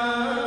Uh...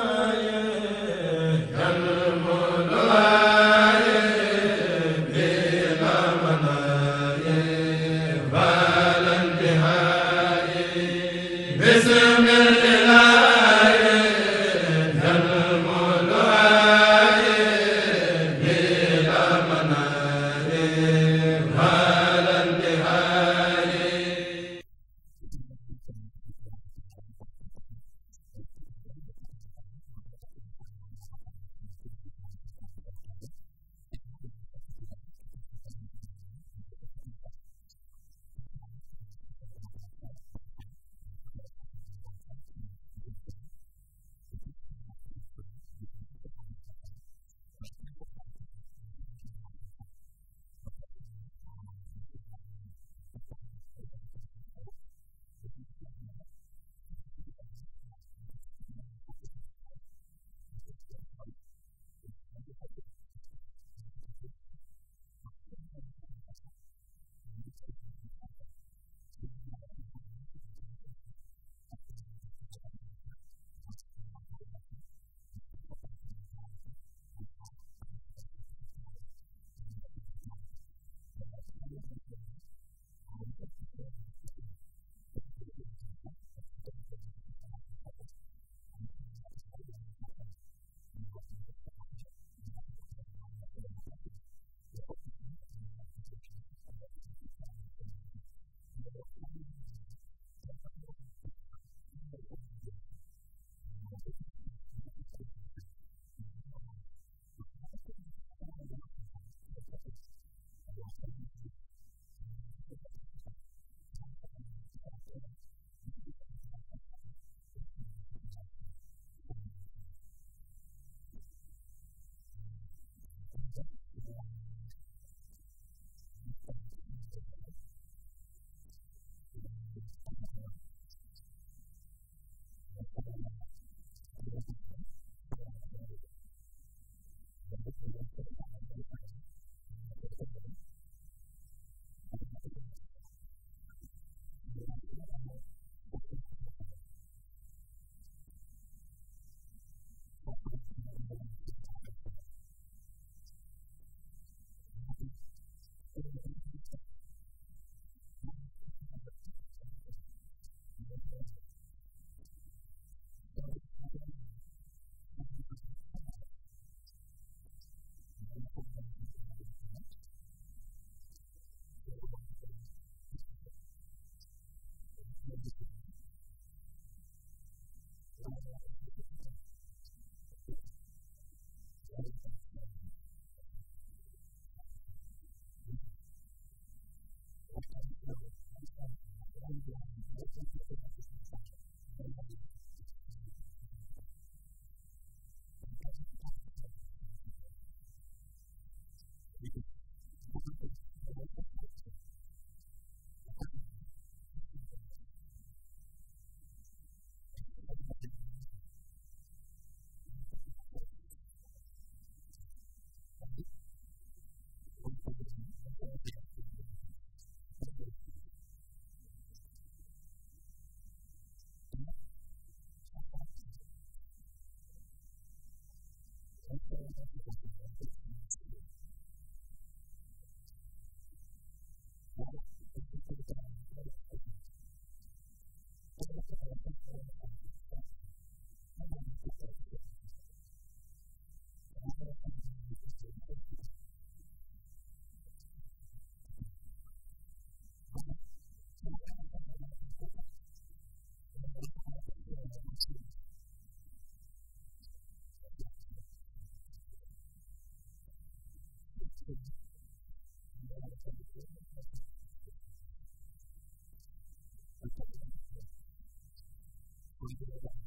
Thank you.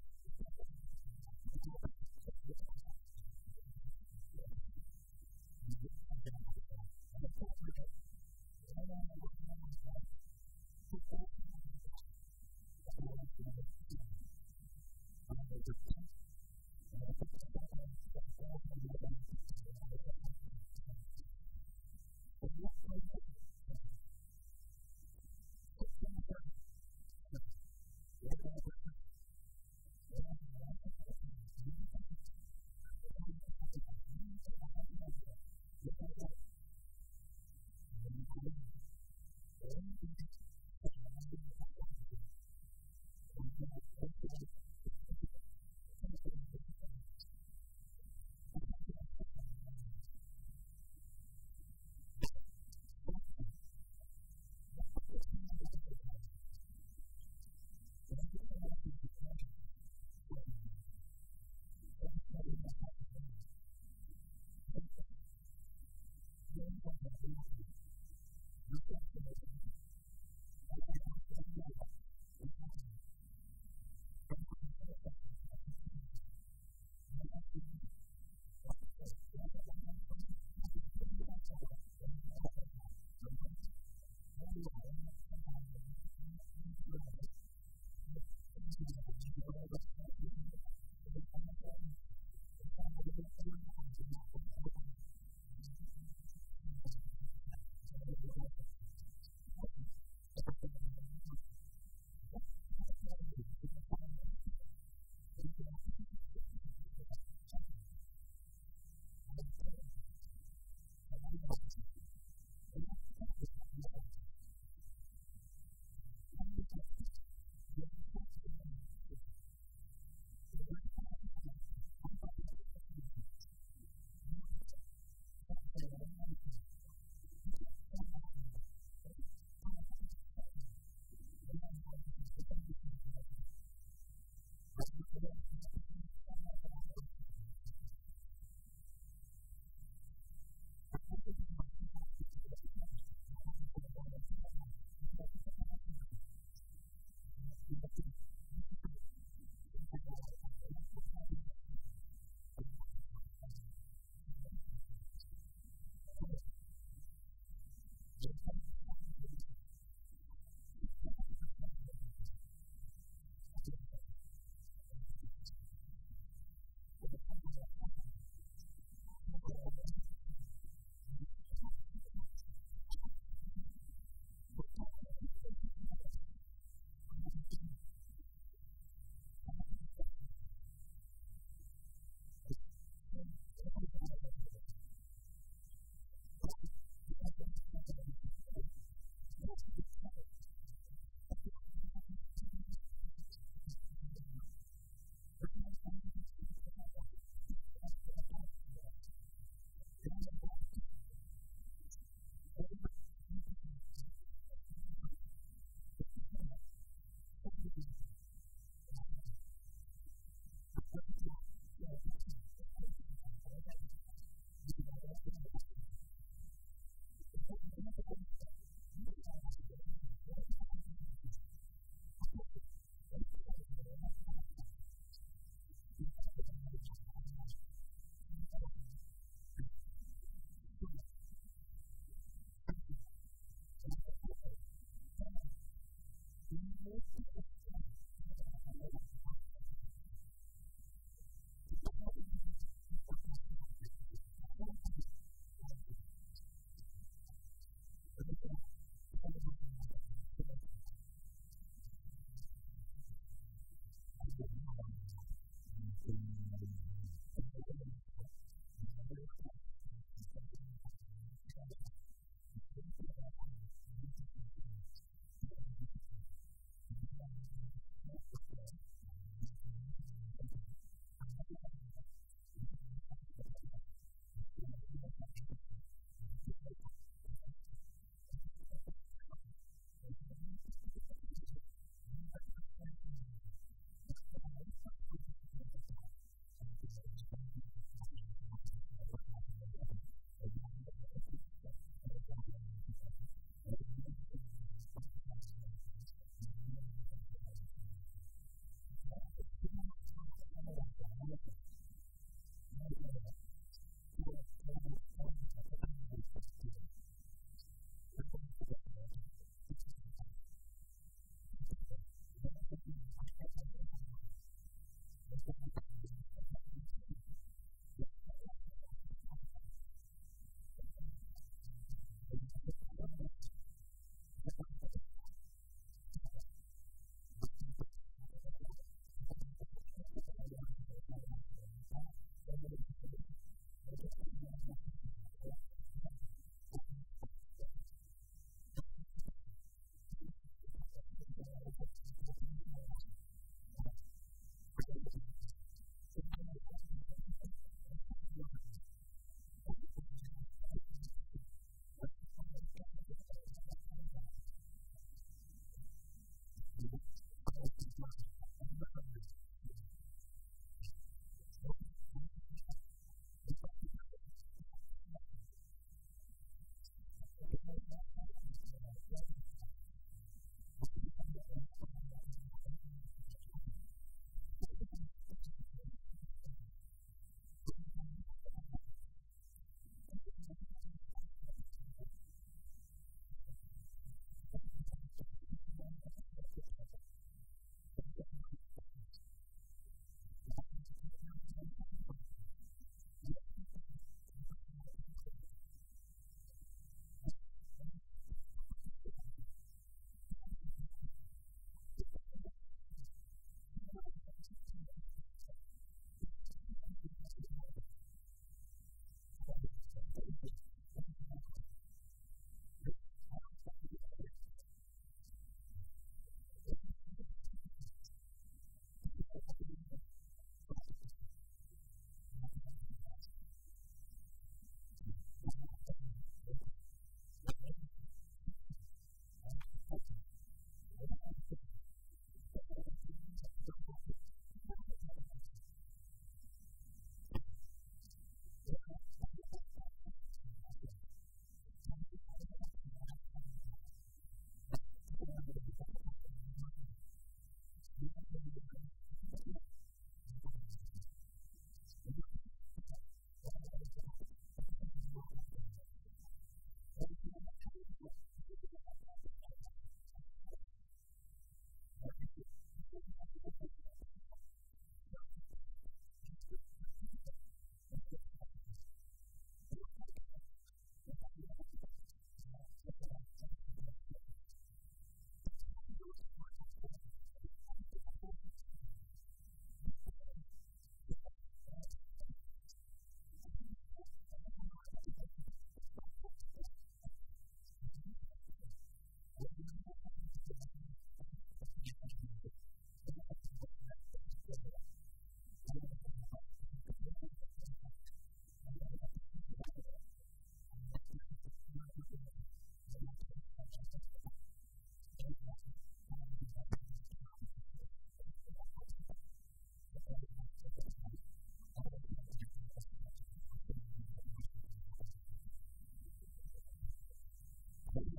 Thank you.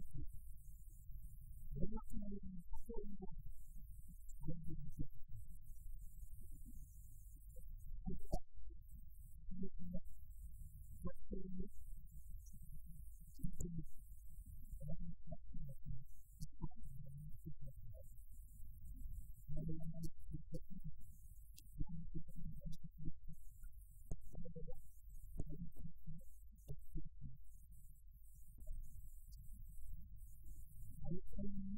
Thank you.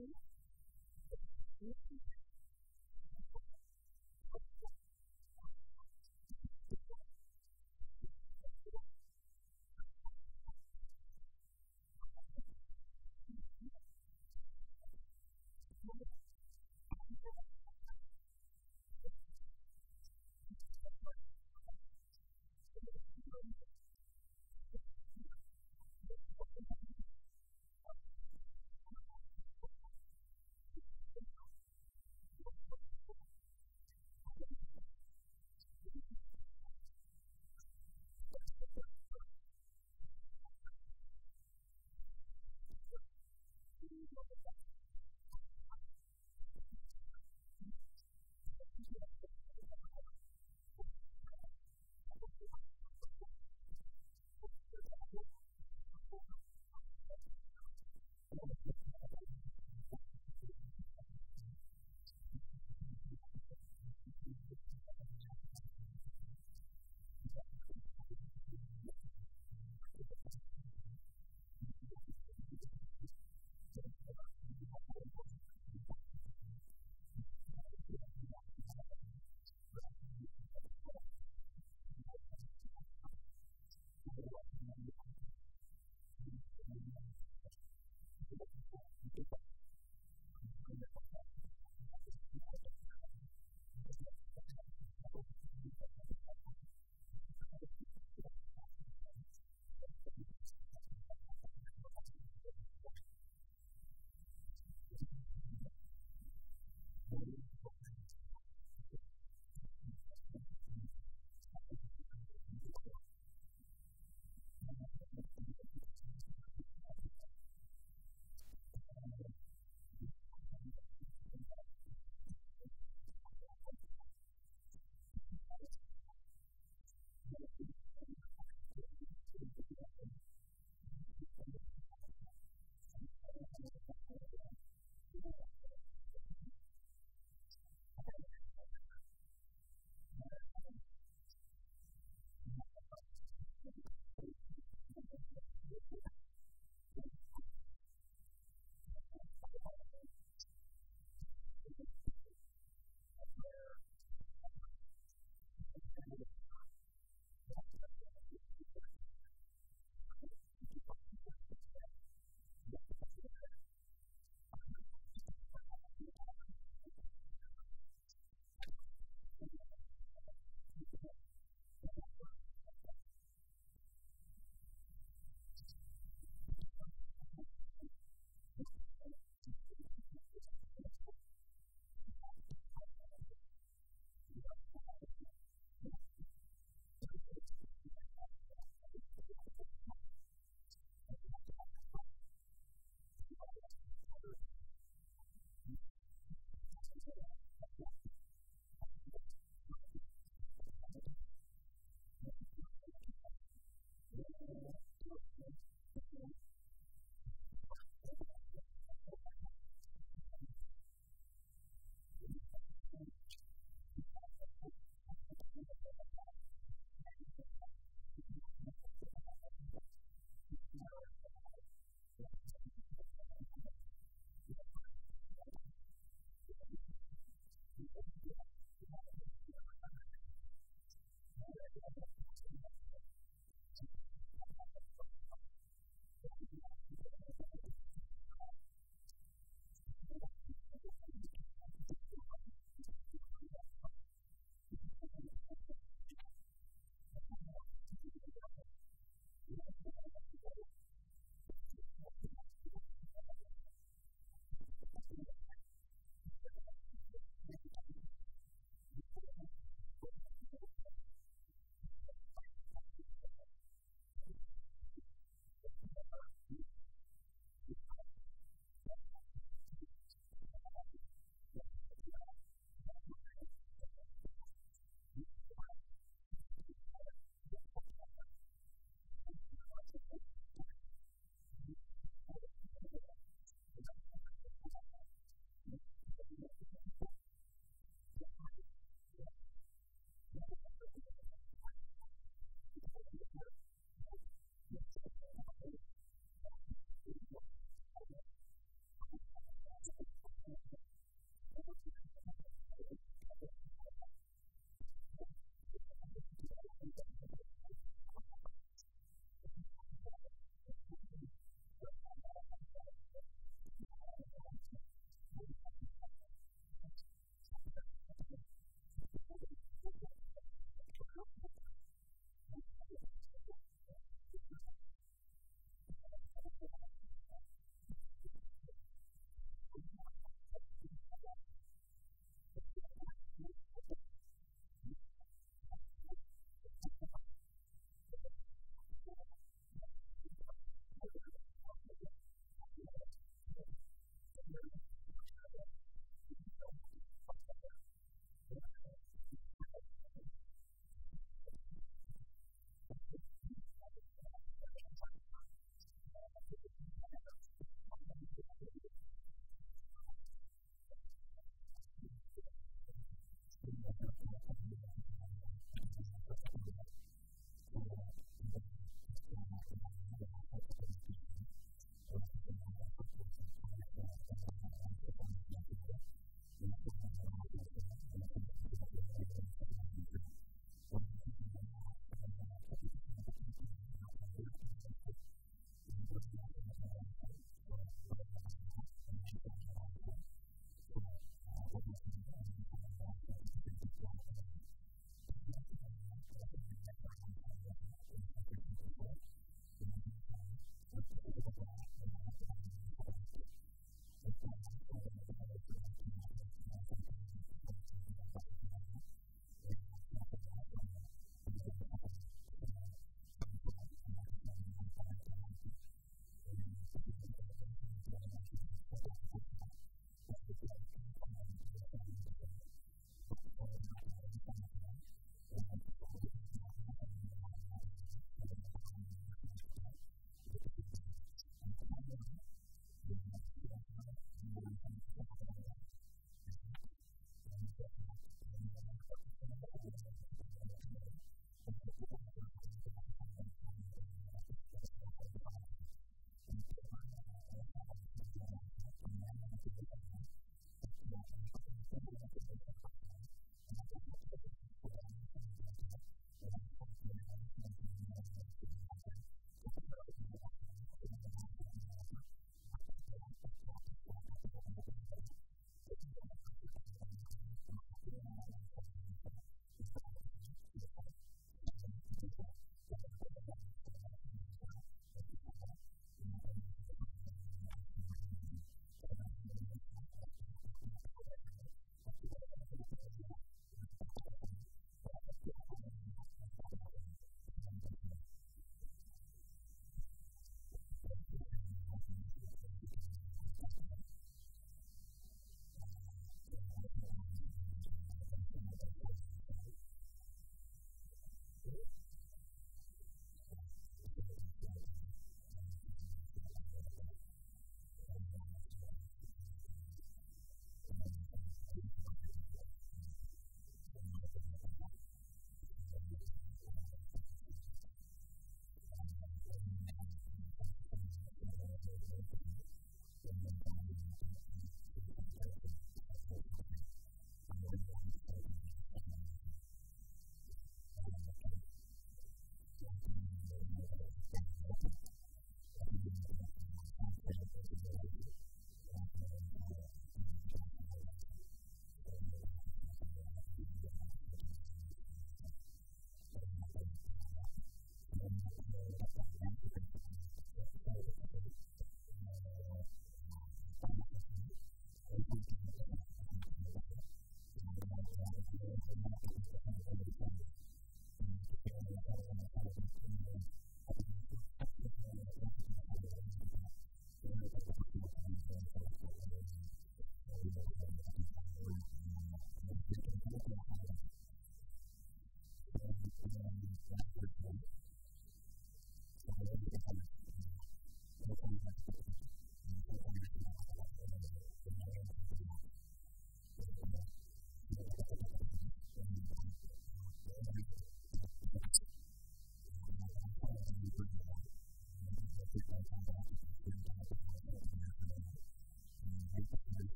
Thank you.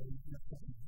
Thank you.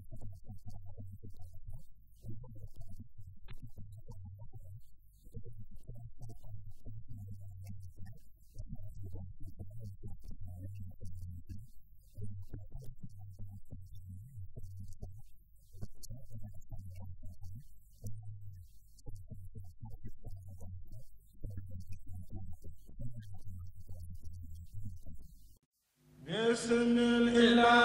حسن الإله